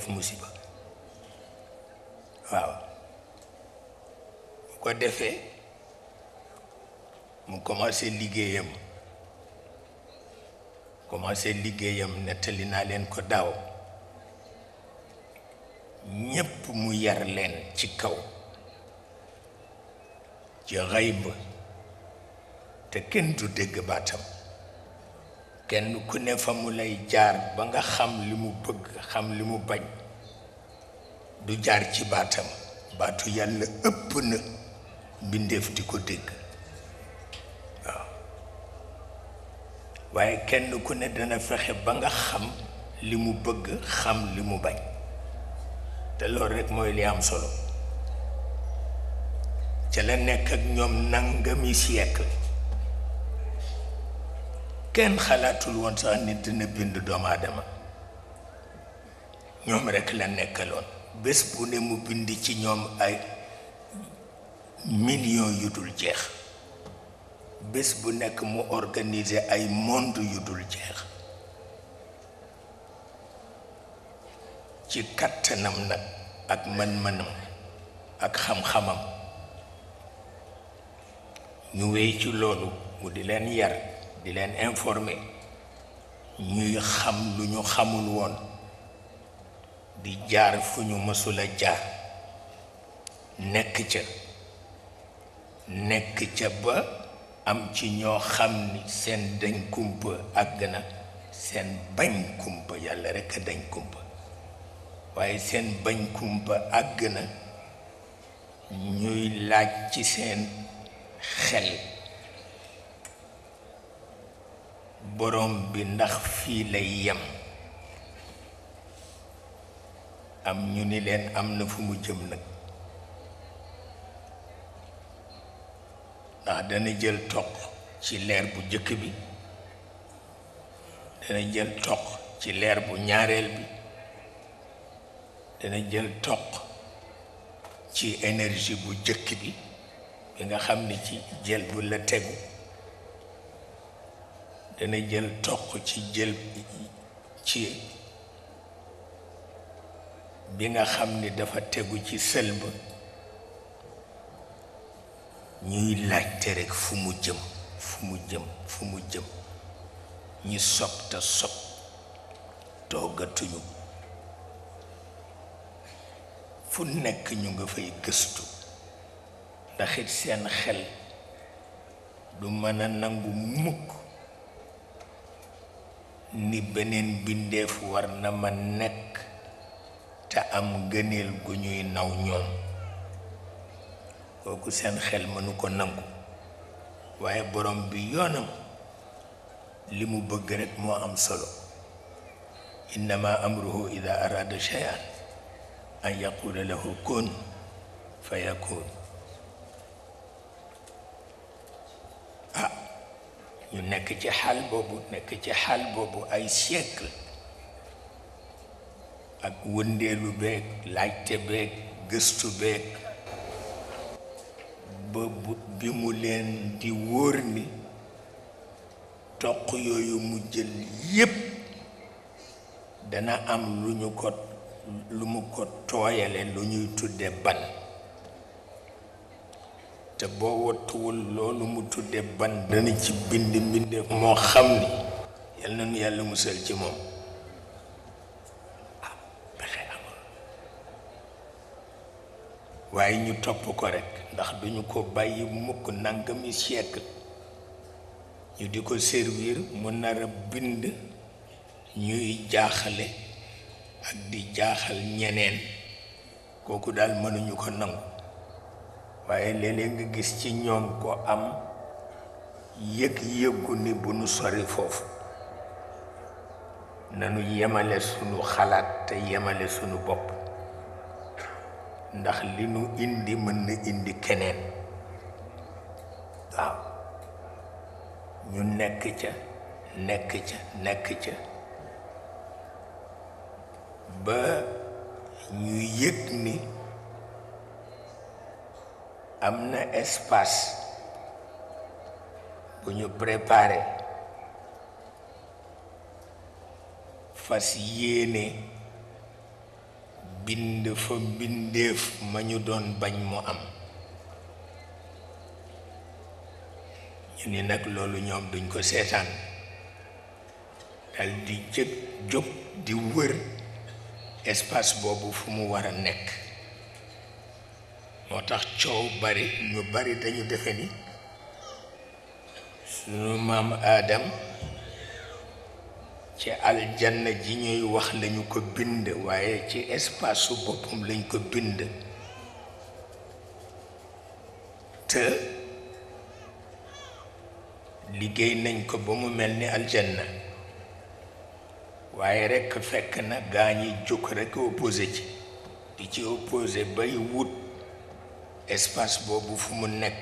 def musiba waaw bu ko defee mu commencé liggéeyam commencé liggéeyam nettali naa ko daaw te kenn du kenn ku ne fa mu lay jaar ba nga xam li mu bëgg xam li mu bañ du jaar ci baatam baatu yàlla ëpp na mbindeef di ko dégg waaw waaye kenn ku ne dana fexe ba nga xam li mu bëgg xam li mu bañ te lool rekk mooy li am solo ca la nekk ak ñoom nangami siècle kenn xalaatul woon sax nit dina bind doomu aadama ñoom rekk la nekkaloon bés bu ne mu bind ci ñoom ay millions yu dul jeex bés bu nekk mu organiser ay monde yu dul jeex ci kattanam nag ak man mënam ak xam-xamam ñu wéy ci loolu mu di leen yar di leen informer ñuy xam lu ñu xamul woon di jaar fu ñu mësula jaar nekk ca nekk ca ba am ci ñoo xam ni seen dañ kumpa àgg na seen bañ kumpa yàlla rekk a dañ kumpa waaye seen bañ kumpa àgg na ñuy laaj ci seen xel borom bi ndax fii lay yem am ñu ni leen am na fu mu jëm nag ndax dana jël toq ci leer bu jëkk bi dana jël toq ci leer bu ñaareel bi dana jël toq ci énergie bu jëkk bi bi nga xam ni ci jël bu la tegu dana jël toq ci jël ci bi nga xam ni dafa tegu ci sëlb ñuy laajte rekk fu mu jëm fu mu jëm fu mu jëm ñi sob te sob toogatuñu fu nekk ñu nga fay gëstu ndax seen xel du mën a nangu mukk ni benen bindef war na ma nek ta am gëneel gu ñuy naw ñoom kooku seen xel mënu ko nangu waaye borom bi yoonam li mu bëgg rek moo am solo innama amruhu ida arada cheyan an yaqula lahu kun fa ñu nekk ci xaal boobu nekk ci xaal boobu ay siècle ak wëndeelu beeg laajte beeg gëstu beeg ba bi mu leen di wóor ni toq yooyu mu jël yépp dana am lu ñu ko lu mu ko tooyale lu ñuy tudde ban te boo wattuwul loolu mu tudde ban dana ci bind mbindeef moo xam ni na yàlla musal ci moom ah, waaye ñu topp ko rekk ndax duñu ko bàyyi mukk nangami siècle ñu di ko servir mu nar a bind ñuy jaaxale ak di jaaxal ñeneen kooku daal mënuñu ko nangu waaye léeg-léeg nga gis ci ñoom ko am yëg yëgu ni bu nu sori foofu nanu yemale sunu xalaat te yemale sunu bopp ndax li nu indi mën na indi keneen waaw ñu nekk ca nekk ca nekk ca ba ñu yëg ni am na espace bu ñu préparé fas yéene bind fa mbindeef ma ñu doon bañ mu am ñu ni nag loolu ñoom duñ ko seetaan dal di jëkk jóg di wër espace boobu fu mu war a nekk moo tax coow bari ñu bari dañu defe ni sunu maam aadam ci aljanna ji ñuy wax lañu ko bind waaye ci espace su boppam lañ ko bind te liggéey nañ ko ba mu mel ni aljanna waaye rekk fekk na gaa ñi jóg rekk opposé ci di ci opposé bay wut espace boobu fu mu nekk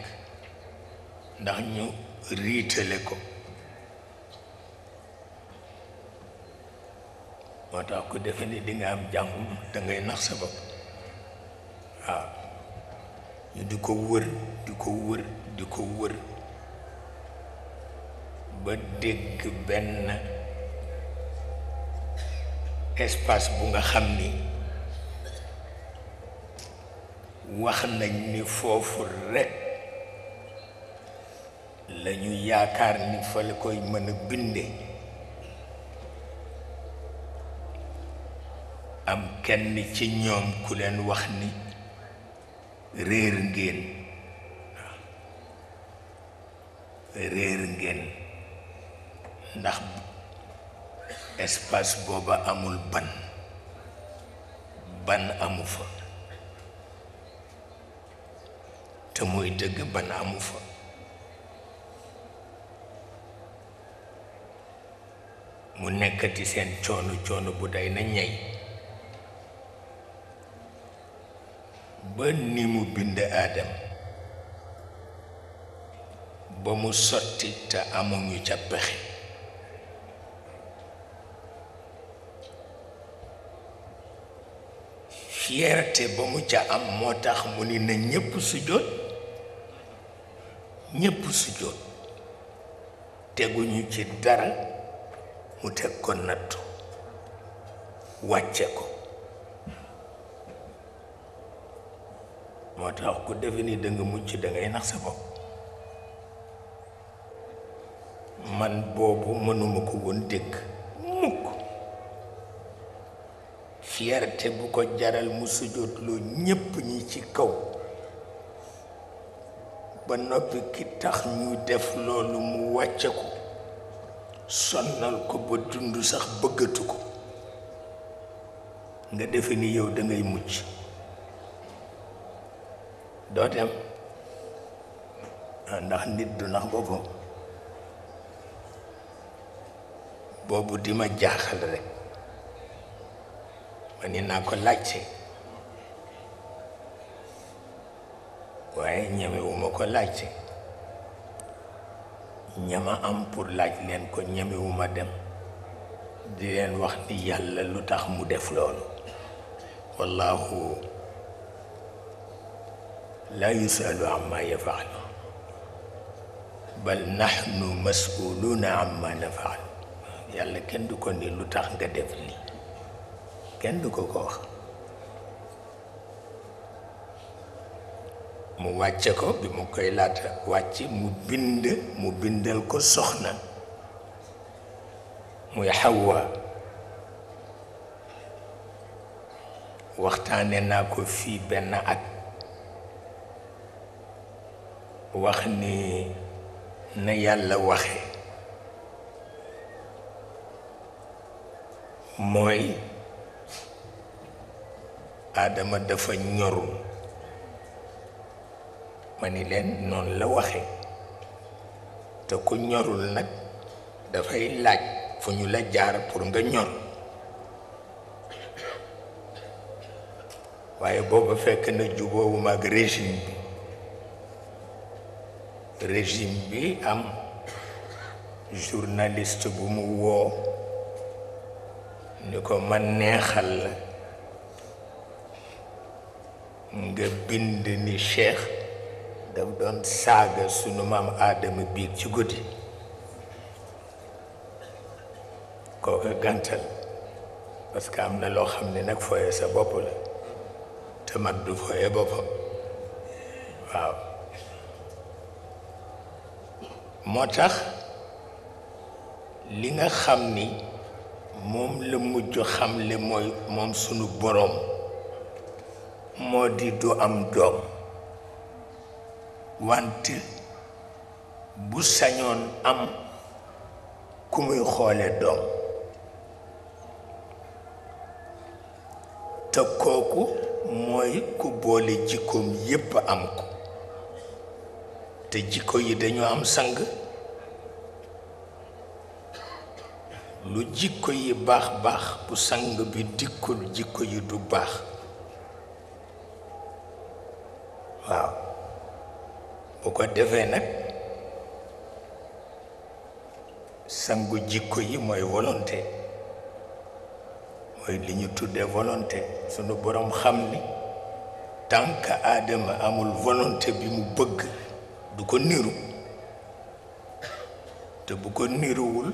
ndax ñu riitale ko moo tax ku defe ni di am jàmm da ngay nax sa bopp waaw ñu di ko wër di ko wër di ko wër ba dégg benn espace bu nga xam ni wax nañ ni foofu rekk la yaakaar ni fa la koy mën a binde am kenn ci ñoom ku leen wax ni réer ngeen réer ngeen ndax espace booba amul ban ban amu fa te muy dëgg ban amu fa mu nekkati seen coono coono bu day na ñey ba ni mu bind aadam ba mu sotti te amuñu ca pexe fierté ba mu ca am moo tax mu ni na ñépp sujjóot ñépp sujjóot teguñu ci dara mu teg ko nattu wàcce ko moo tax ku defe ni da nga mucc da ngay nax sa man boobu mënuma ko woon dégg mukk fierté bu ko jaral mu sujjóot loo ñépp ñi ci kaw ba noppi ki tax ñu def loolu mu wàcce ko sonnal ko ba dund sax bëggatu ko nga defe ni yow da ngay doo dem ah, ndax nit du nax boobu boobu di ma jaaxal rek ma ni naa ko laajte waaye ñemewuma ko laajte ñama am pour laaj leen ko ñemewuma dem di leen wax ni yàlla lu tax mu def loolu wallahu la yusalu amma yafalu bal nahnu masuluna amma nafal yàlla kenn du ko ni lu tax nga def lii kenn du ko ko wax mu wàcce ko bi mu koy laata wàcc mu bind mu bindal ko soxna muy xawwa waxtaane naa ko fii benn at wax ni na yàlla waxe mooy aadama dafa ñorul ma ni leen noonu la waxe te ku ñorul nag dafay laaj fu ñu la jaar pour nga ñor waaye booba fekk na jubóowuma ak régime bi régime bi am journaliste bu mu woo ni ko man neexal la nga bind ni Cheikh daf doon saaga sunu maam aadama biig ci guddi kooka gàntal parce que am na loo xam ne nag foye sa bopp la te mag du fooye boppam waaw moo tax li nga xam ni moom la mujj xamle mooy moom sunu boroom moo di du am doom wante bu sañoon am ku muy xoole doom te kooku mooy ku boole jikkoom yépp am ko te jikko yi dañoo am sang lu jikko yi baax baax bu sang bi dikkul jikko yi du baax waaw bu ko defee nag sangu jikko yi mooy wolonte mooy li ñu tuddee wolonte sunu boroom xam ni tant aadama amul wolonte bi mu bëgg du ko niru te bu ko niruwul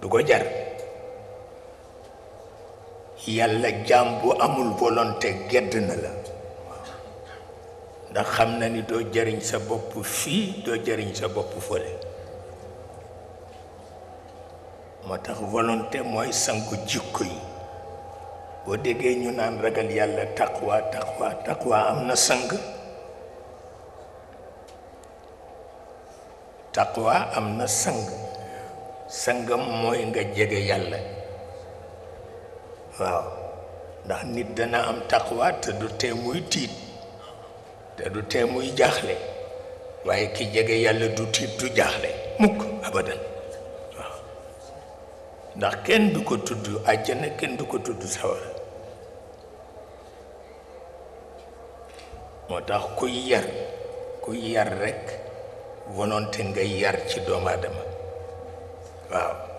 du ko jar yàlla jaam amul wolonte gedd na la ndax xam na ni doo jëriñ sa bopp fii doo jëriñ sa bopp fële moo tax wolonte mooy sangu jikko yi boo déggee ñu naan ragal yàlla taqwa taqwa taqwa am na sang taqwa am na sang sangam mooy nga jege yàlla waaw ndax nit dana am taqwa te du tee muy tiit te du tee muy jaaxle waaye ki jege yàlla du tiit du jaaxle mukk abadan waaw ndax kenn du ko tudd àjjana kenn du ko tudd sawara moo tax kuy yar kuy yar rekk volonté ngay yar ci doomu waaw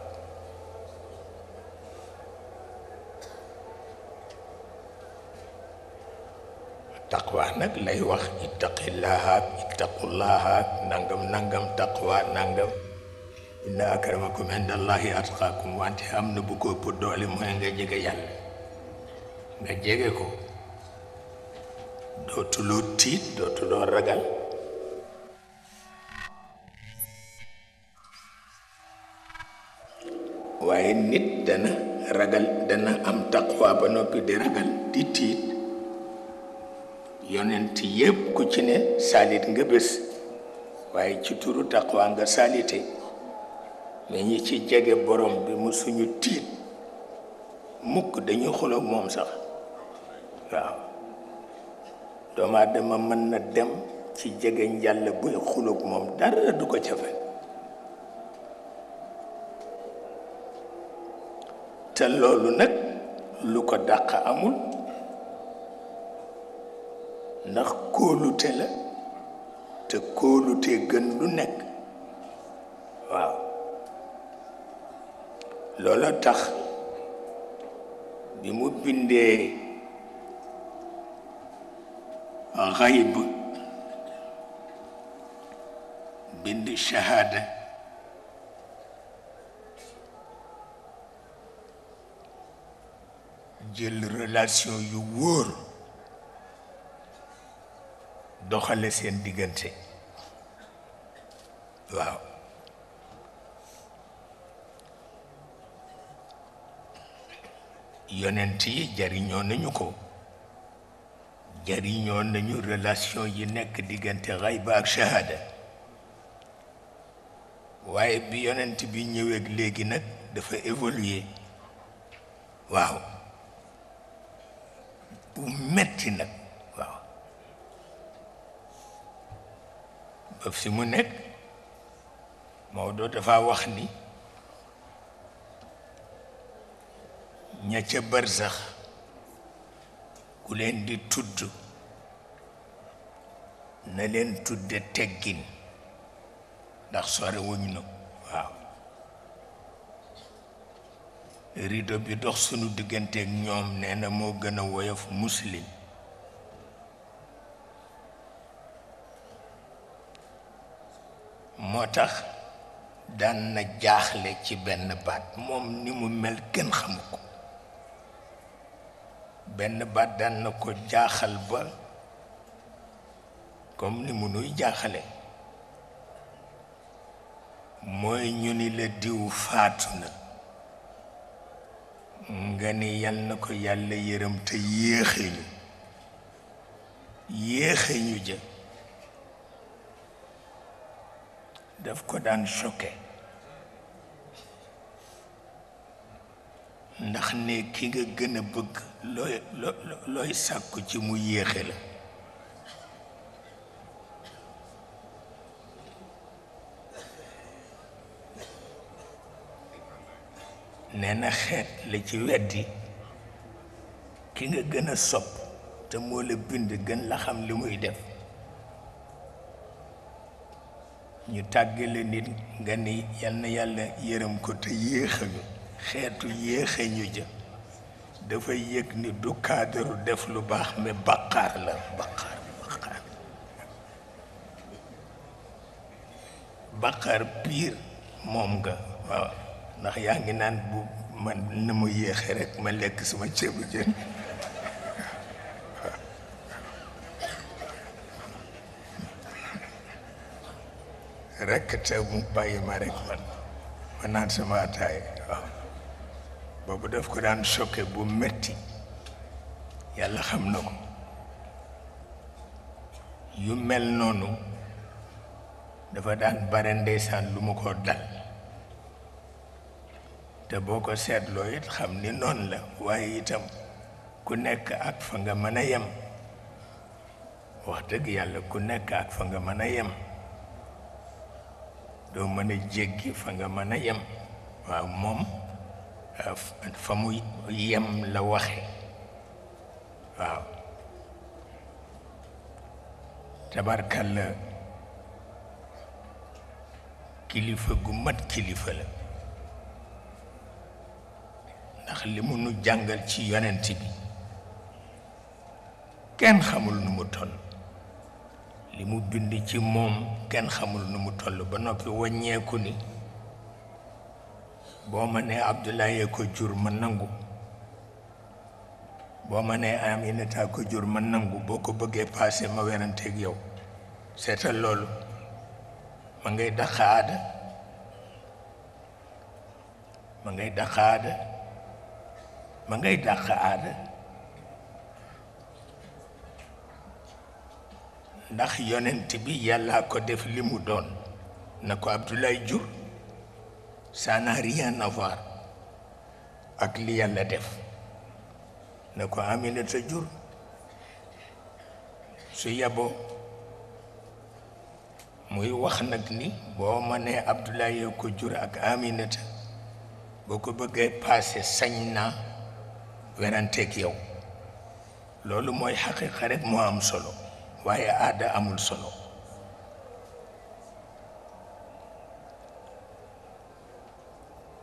taqwa nag lay wax ittaqillaha ittaqullaha nangam nangam taquwaa nangam inna akramakum indallahi atqakum wante am na bu ko ëpp doole mooy nga jege yàlla nga jege ko dootuloo tiit dootuloo ragal waaye nit dana ragal dana am taqwa ba noppi di ragal di tiit yonent yépp ku ci ne saalit nga bés waaye ci turu taqwa nga saalite mais ñi ci jege borom bi mu suñu tiit mukk dañuy xuloog moom sax waaw doomu aadama mën na dem ci jege njàll buy xuloog moom dara du ko cafe te loolu nag lu ko dàq amul ndax kóolute la te kóolutee gën lu nekk waaw loola tax bi mu bindee xayb bind shahaada jël relation yu wóor doxale seen diggante waaw yonent yi jariñoo nañu ko jariñoo nañu relation yi nekk diggante xayba ak shahada waaye bi yonent bi ñëwee léegi nag dafa évoluer waaw bu metti nag fi mu nekk Maodo dafa wax ni ña ca barsax ku leen di tudd na leen tudde teggin ndax sore wuñ na waaw rido bi dox sunu diggante ak ñoom nee na moo gën a woyof muslim moo tax daan na jaaxle ci benn baat moom ni mu mel kenn xamu ko benn baat daan na ko jaaxal ba comme ni mu nuy jaaxale mooy ñu ni la diw faatu na nga ni yal na ko yàlla yërëm te ñu yéexe ñu jë daf ko daan choqué ndax ne ki nga gën a bëgg looy sàkku ci mu yéexe la nee na xeet la ci weddi ki nga gën a sopp te moo la bind gën la xam li muy def ñu tàggale nit nga ni yal yàlla yërëm ko te yéexañu xeetu yéexañu ja dafay yëg ni du kaadaru def lu baax mais bàqaar la bàqaar bàqaar bàqaar moom nga waaw ndax yaa ngi naan bu man na mu yéexe rek ma lekk sama ceebu jën rek te mu bàyyi ma rek man ma naan sama ataay boobu daf ko daan choqué bu metti yàlla xam na ko yu mel noonu dafa daan bare ndeysaan lu mu ko dal te boo ko seetloo it xam ni noonu la waaye itam ku nekk ak fa nga mën a yem wax dëgg yàlla ku nekk ak fa nga mën a yem doo mën a jéggi fa nga mën a yem waaw moom euh, fa mu yem la waxe waaw tabarkalla kilifa gu mat kilifa la ndax li mu jàngal ci yonent bi kenn xamul nu mu toll li mu bind ci moom kenn xamul nu mu toll ba noppi waññeeku ni boo ma nee Abdoulaye ko jur ma nangu boo nee Aminata ko jur ma nangu boo ko bëggee paase ma weranteeg yow seetal loolu ma ngay daqaada ma ngay daqaada ma ngay dàq aada ndax yonent bi yàlla ko def li mu doon na ko Abdoulaye jur ça n'a rien à voir ak li yàlla def na ko Aminata jur su yabo muy wax nag ni boo ma nee Abdoulaye ko jur ak Aminata boo ko bëggee passé sañ naa weranteeg yow loolu mooy xaqiqa rek moo am solo waaye aada amul solo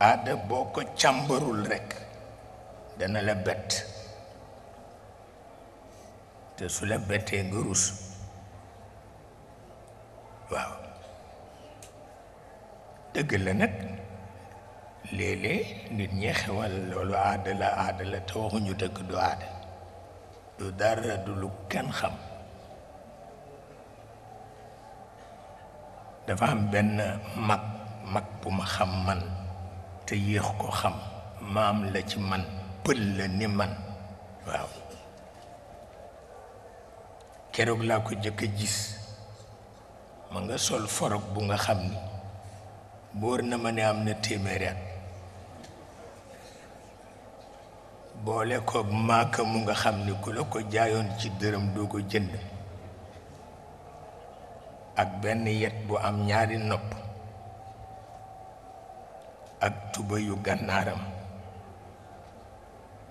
aada boo ko càmbarul rekk dana la bett te su la bettee nga rus waaw dëgg la nag léeg-léeg nit ñi xewal loolu aada la te waxuñu dëgg du aada du dara du lu kenn xam dafa am benn mag mag bu ma xam man te yéex ko xam maam la ci man pël la ni man waaw keroog laa ko jëkk a gis mu nga sol foroog bu nga xam ni boor na ma ne am na téeméeri boole ko maaka mu nga xam ni ku la ko jaayoon ci dërëm doo ko jënd ak benn yet bu am ñaari nopp ak tuba yu gànnaaram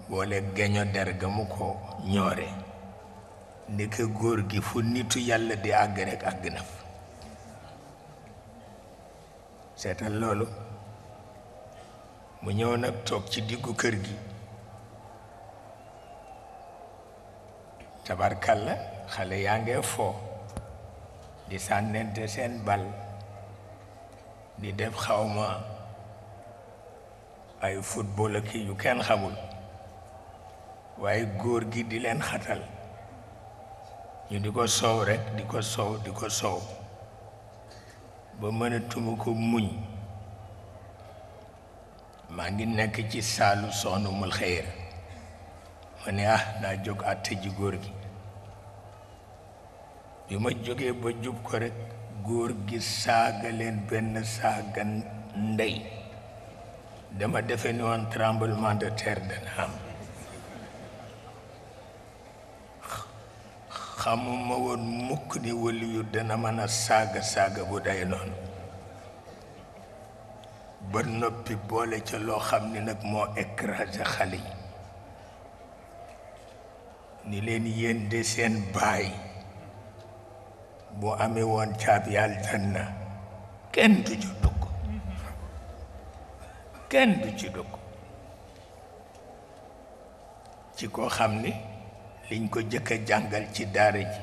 boole geño der ga mu ko ñoore ndeke góor gi fu nitu yàlla di àgg rek àgg na fa seetal loolu mu ñëw nag toog ci diggu kër gi tabarkalla xale yaa ngee foo di sànnente seen bal di def xawma ay football ak yu kenn xamul waaye góor gi di leen xatal ñu di ko soow rekk di ko soow di ko soow ba mën ko muñ maa ngi nekk ci saalu soxna mul xëyër ma ne ah naa jóg àtte ji góor gi bi ma jógee ba jub ko rek góor gi saaga leen benn saaga ndey dama defe ni woon tremblement de terre dana am xamuma woon mukk ni wëliyu dana mën a saaga saaga bu day noonu ba noppi boole ca loo xam ni nag moo écrasé xale yi ni leen yéen de seen baay bu amee woon caabi na kenn du ci dugg kenn du ci dugg ci koo xam ni liñ ko jëkk a jàngal ci daara ji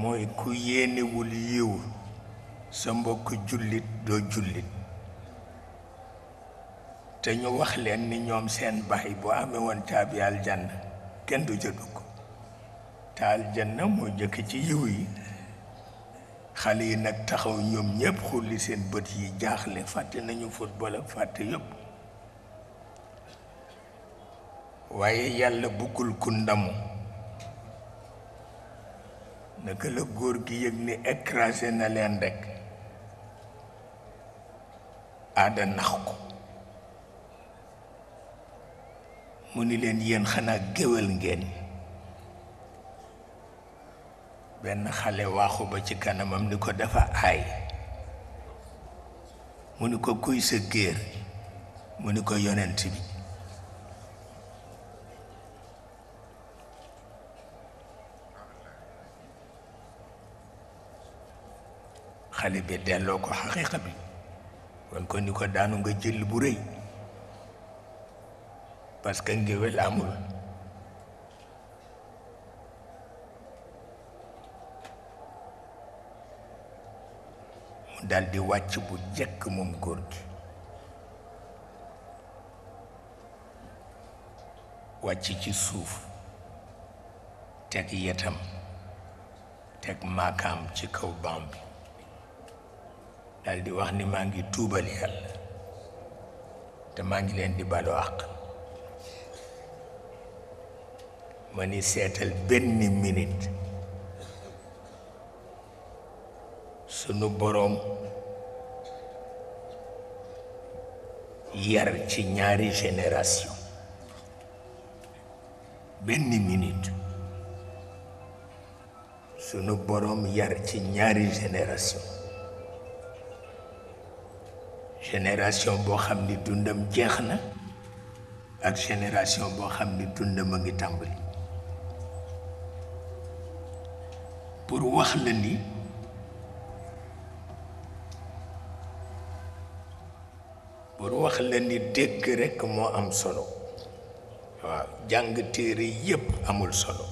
mooy ku yéenewul yiw sa mbokk jullit doo jullit te ñu wax leen ni ñoom seen baay bu amewoon woon caabi aljanna kenn du ca dugg te aljanna moo njëkk ci yiw yi xale yi nag taxaw ñoom ñëpp xulli seen bët yi jaaxle fàtte nañu football ak fàtte yëpp waaye yàlla buggul ku ndamu naka la góor gi yëg ni écrasé na leen rek aada nax ko mu ni leen yéen xanaa géwél ngeen benn xale waxu ba ci kanamam ni ko dafa aay mu ni ko kuy sa géer mu ni ko yonent bi xale bi delloo ko xaqiiqa bi wan ko ni ko daanu nga jël bu rëy parce que ngéwél amul daldi wàcc bu jëkk moom góor wàcc ci suuf teg yetam teg maakam ci kaw baam bi daldi wax ni maa ngi tuubal yàlla te maa ngi leen di balu àq ma ni seetal benn minute sunu boroom yar ci ñaari génération benn minute sunu boroom yar ci ñaari génération génération boo xam ni dundam jeex na ak génération boo xam ni dundam a ngi tàmbali pour wax la ni pour wax la ni dégg rekk moo am solo waaw jàng téere yépp amul solo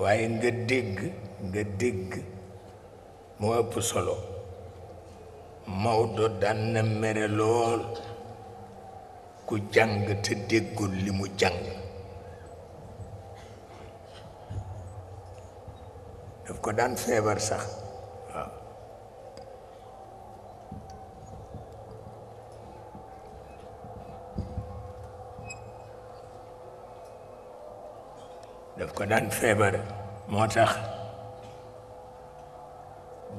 waaye nga dégg nga dégg moo ëpp solo Maodo daan na mere lool ku jàng te déggul li mu jàng daf ko daan feebar sax daf ko daan feebare moo tax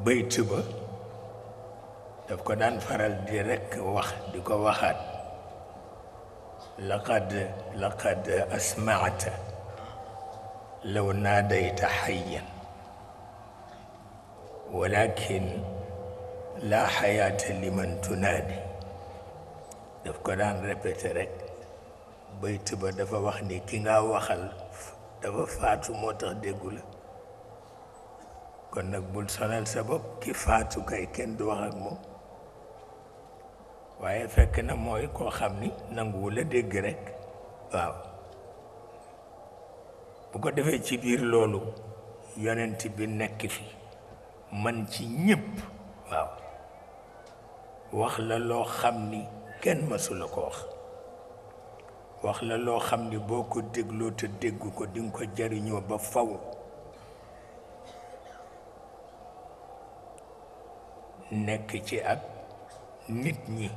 bayt ba daf ko daan faral di rekk wax di ko waxaat laqad laqad asmacta law naadayta xayan walakin laa xayaata liman tunaadi daf ko daan répété rekk bayt ba dafa wax ni ki nga waxal dafa faatu moo tax déggu la kon nag bul sonal sa bopp ki faatu kay kenn du wax ak moom waaye fekk na mooy koo xam ni nanguwu la dégg rek waaw bu ko defee ci biir loolu yonent bi nekk fi man ci ñëpp waaw wax la loo xam ni kenn mësu la ko wax wax la lo xamni boko deglo te deggu ko ding ko jariño ba faw nek ci ak nit ñi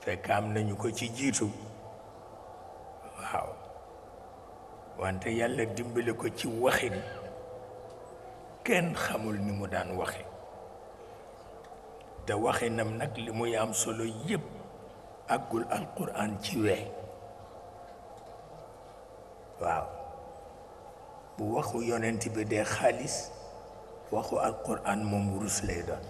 fe kam nañu ko ci jitu waaw wante yàlla dimbale ko ci waxin ken xamul ni mu daan waxe da waxinam nag li muy am solo yeb agul alquran ci wee waaw bu waxu yonent bi dee xaalis waxu alquran moom wurus lay doon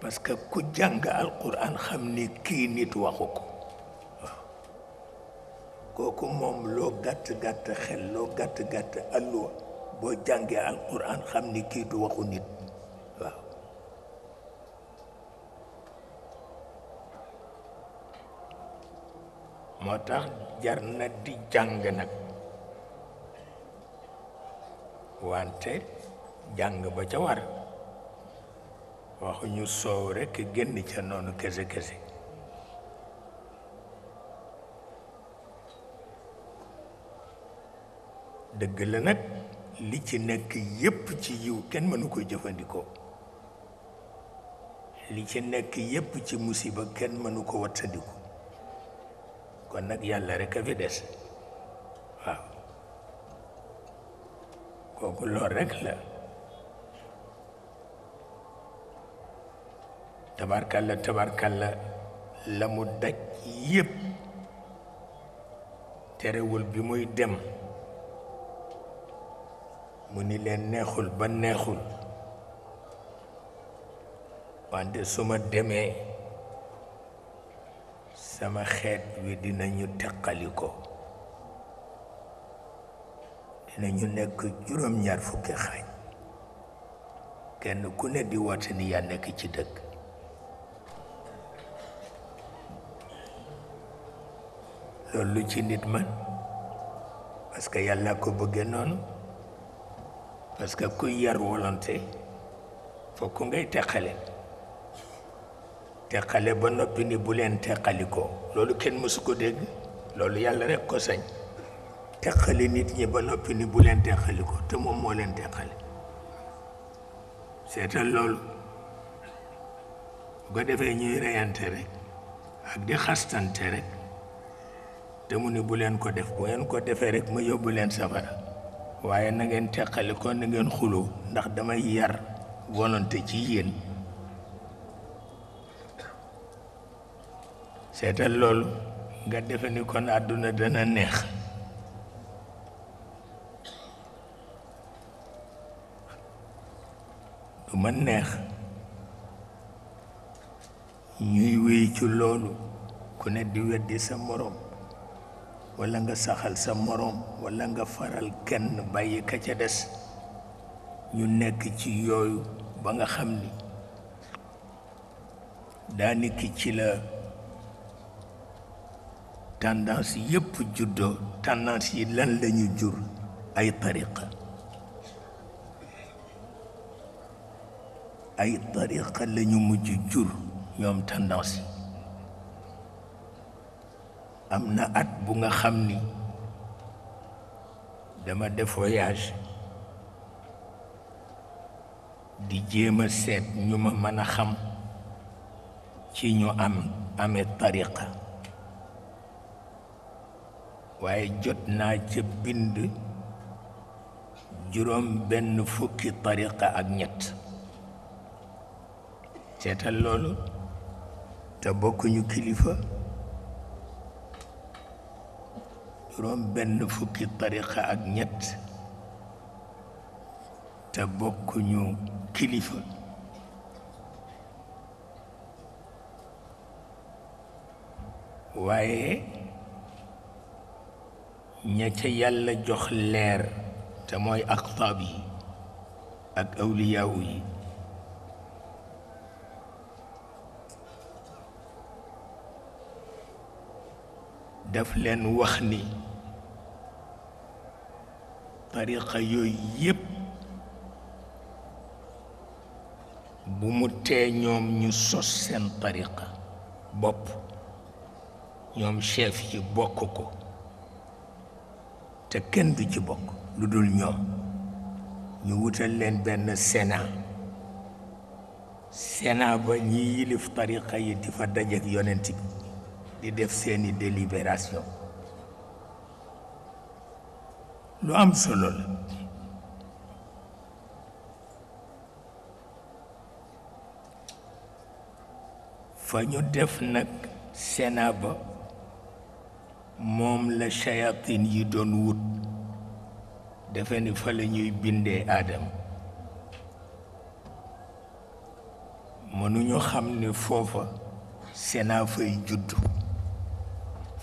parce que ku jàng alquran xam ni kii nit waxu ko waaw kooku moom loo gàtt gàtt xel loo gàtt gàtt alluwa boo jàngee alquran xam ni kii du waxu nit waaw moo tax jar na di jàng nag wante jàng ba ca war waxuñu soow rekk génn ca noonu kese kese dëgg la nag li ci nekk yépp ci yiw kenn mënu ko jëfandikoo li ci nekk yépp ci musiba kenn mënu ko wattandiku kon nag yàlla rek a fi des waaw kooku lool rek la tabarkalla tabarkalla la mu daj yépp terewul bi muy dem mu ni leen neexul ba neexul wante su ma demee sama xeet wi dina ñu teqali ko ñu nekk juróom-ñaar fukki xaaj kenn ku ne di woote ni yaa nekk ci dëkk loolu ci nit ma parce que yàlla ko bëggee noonu parce que kuy yar volonté fokk ngay teqale teqale ba noppi ni bu leen teqalikoo loolu kenn mësu ko dégg loolu yàlla rek ko sañ teqali nit ñi ba noppi ni bu leen teqalikoo te moom moo leen teqale seetal loolu bu ko defee ñuy reyante rek ak di xastante rek te mu ni bu leen ko def bu ngeen ko defee rek ma yóbbu leen safara waaye na ngeen teqalikoo na ngeen xuloo ndax damay yar volonté ci yéen seetal loolu nga defe ni kon àdduna dana neex du ma neex ñuy wéy ci loolu ku ne di weddi sa moroom walla nga saxal sa moroom walla nga faral kenn bàyyi ka ca des ñu nekk ci yooyu ba nga xam ni daaniki ci la tendance yépp juddoo tendance lan lañu jur ay tariqa ay tariqa lañu mujj jur ñoom tendance am na at bu nga xam ni dama def voyage di jéem a seet ñu ma mën a xam ci ñu am amee tariqa waaye jot naa ca bind juróom benn fukki tariqa ak ñett seetal loolu te bokkuñu kilifa juróom benn fukki tariqa ak ñett te bokkuñu kilifa waaye نيتا يالا جوخ لير تا موي اقطابي اك اولياوي داف لين وخني طريقة يو يب بومو تي نيوم ني سوس سين طريقة بوب نيوم شيف يبوكوكو te kenn du ci bokk lu dul ñoom ñu wutal leen benn sénat sénat ba ñi yilif tariqa yi di fa dajeek yonent bi di def seeni délibération lu am solo la fa ñu def nag sénat ba moom la shayatin yi doon wut defe ni fa la bindee aadam mënuñu xam ne foofa seenaa fay juddu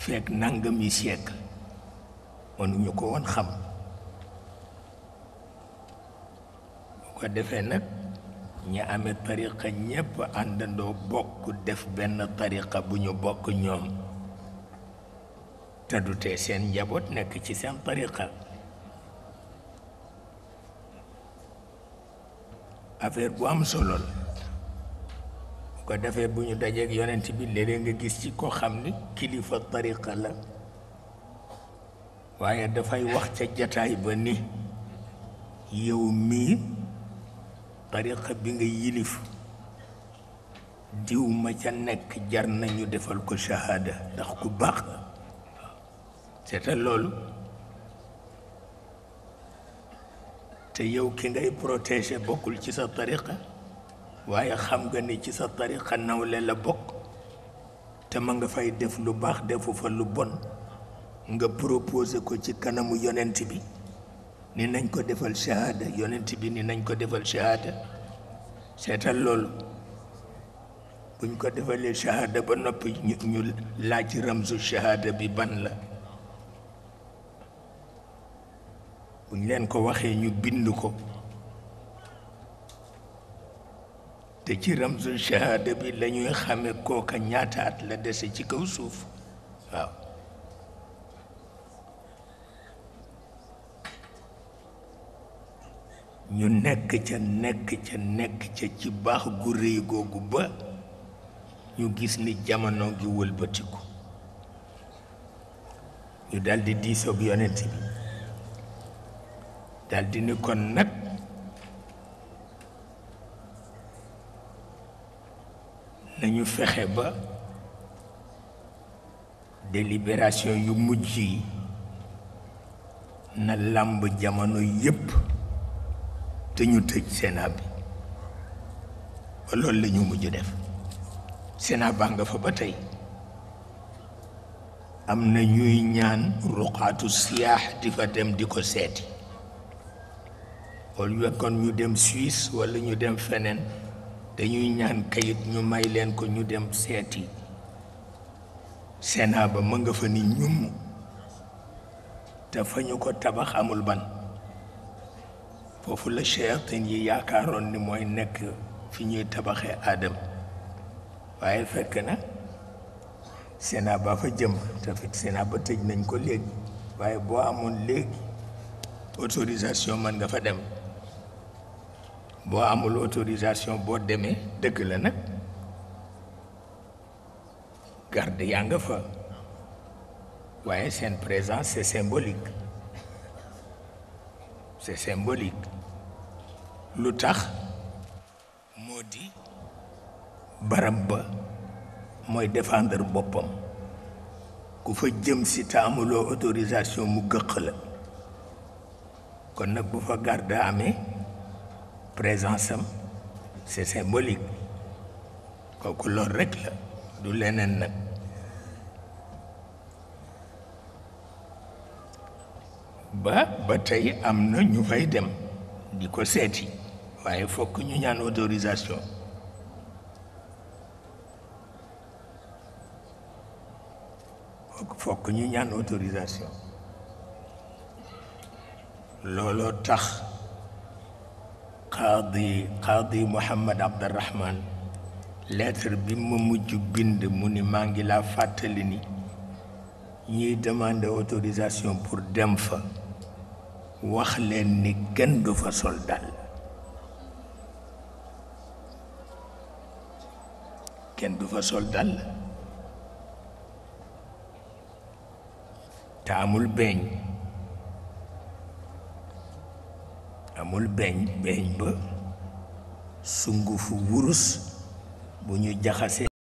fekk nangami siècle mënuñu ko woon xam bu ko defe nag ñi ame tariqa ñépp àndandoo bokk def benn tariqa bu ñu bokk ñoom te du tee seen njaboot nekk ci seen tariqa affaire bu am solo la ko defee bu ñu dajeeg yonent bi léeg nga gis ci koo xam ni kilifa tariqa la waaye dafay wax ca jataay ba ni yow mii tariqa bi nga yilif diw ma ca nekk jar nañu defal ko shahada ndax ku baax seetal loolu te yow ki ngay protéger bokkul ci sa tariqa waaye xam nga ni ci sa tariqa nawle la bokk te ma nga fay def lu baax defu fa lu bon nga proposé ko ci kanamu yonent bi ni nañ ko defal shahada yonent bi ni nañ ko defal shahada seetal loolu buñ ko defalee shahada ba noppi ñu laaj ramzu shahada bi ban la buñ leen ko waxee ñu bind ko te ci ramzul shahada bi lañuy ñuy kooka ñaata at la dese ci kaw suuf waaw ñu nekk ca nekk ca nekk ca ci baax gu rëy googu ba ñu gis ni jamono gi wëlbatiku ñu daldi diisoog yonent bi daldi di ni kon nag nañu fexe ba délibération yu mujj yi na làmb jamono yépp te ñu tëj Sénat bi ba loolu lañu mujj def Sénat baa nga fa ba tey am na ñuy ñaan ruqaatu siyaax di fa dem di ko seeti au lieu kon ñu dem Suisse walla ñu dem feneen dañuy ñaan kayit ñu may leen ko ñu dem seeti Sénat ba mën nga fa ni ñum te fa ñu ko tabax amul ban foofu la cheytaan yi yaakaaroon ni mooy nekk fi ñuy tabaxee aadam waaye fekk na Sénat ba fa jëm te fit Sénat ba tëj nañ ko léegi waaye boo amoon léegi autorisation mën nga fa dem Bo amul autorisation bo demé deug la nak garde yaa nga fa waye sen présence c'est symbolique c'est symbolique lutax Modi moo barab ba moy défendre bopam ku fa jëm ci l'autorisation de autorisation mu geuk la kon nak bu fa garde amé présence c'est symbolique kooku loolu rek la du lenen nak ba batay amna am ñu fay dem diko ko waye fokk ñu ñaan autorisation fokk ñu ñaan autorisation looloo tax قاضي قاضي محمد عبد الرحمن لاتر بيم موج بند موني مانغي لا فاتليني ني دماند اوتوريزاسيون بور ديم فا واخ لين ني گندو فا سولدال گندو فا سولدال تعمل بين amul beeñ beeñ ba sungufu wurus bu ñu jaxase